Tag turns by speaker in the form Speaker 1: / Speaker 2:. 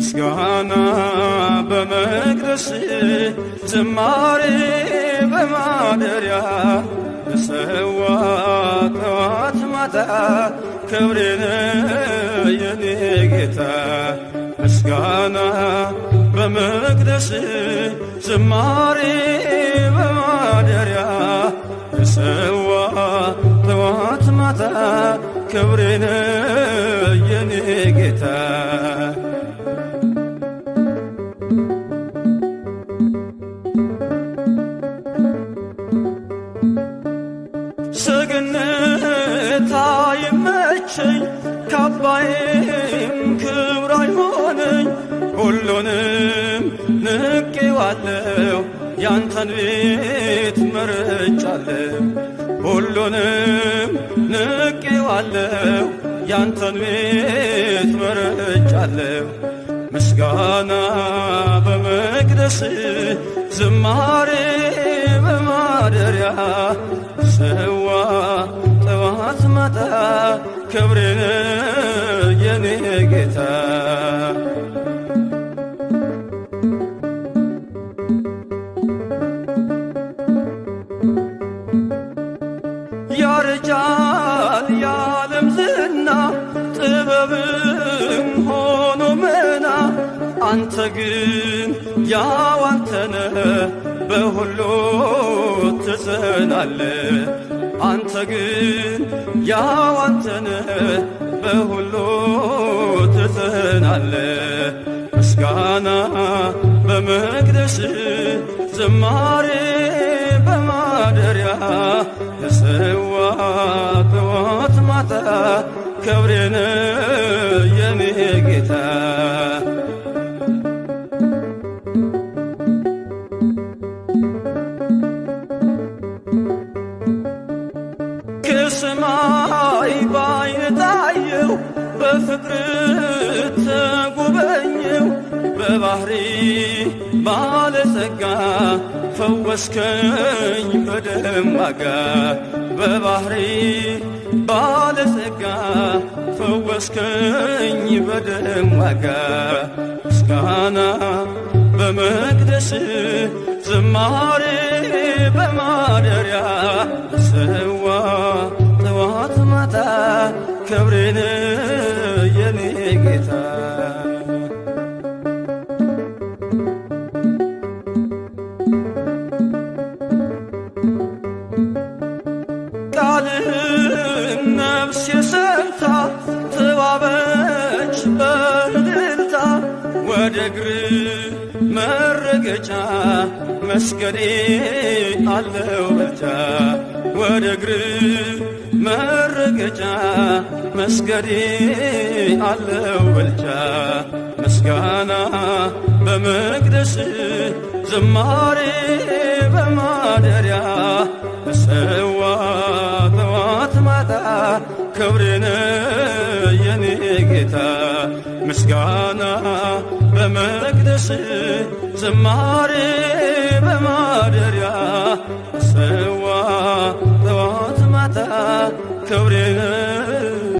Speaker 1: ምስጋና በመቅደስ ዝማሬ በማደሪያ እሰዋ ጠዋት ማታ ክብሬነ የኔ ጌታ ምስጋና በመቅደስ ዝማሬ በማደሪያ እሰዋ ጠዋት ማታ ክብሬነ አባይም ክብራ ይሆነኝ ሁሉንም ንቄዋለሁ ያንተን ቤት መርጫለሁ ሁሉንም ንቄዋለሁ ያንተን ቤት መርጫለሁ ምስጋና በመቅደስ ዝማሬ በማደሪያ ሰዋ ጠዋት ማታ ክብሬን የዓለም ዝና ጥበብም ሆኖ መና አንተ ግን ያው አንተነ በሁሉ ትጸናለ አንተ ግን ያው አንተነ በሁሉ ትጸናለ ምስጋና በመቅደስ ዝማሬ በማደሪያ ክብሬን የኔ ጌታ ከሰማይ ባይን ታየው በፍቅር ተጎበኘው በባህሪ ባለጸጋ ፈወስከኝ በደማጋ በባህሪ ባለጸጋ የፈወስከኝ በደም ዋጋ ምስጋና በመቅደስ ዝማሬ በማደሪያ ሰዋ ጥዋት ማታ ክብሬን የኔ ጌታ ነፍስ በተዋበች በእልልታ ወደ እግር መረገጫ መስገዴ አለው በልታ ወደ እግር መረገጫ መስገዴ አለው በልቻ ምስጋና በመቅደስ ዝማሬ ጌታ ምስጋና በመቅደስ ዝማሬ በማደሪያ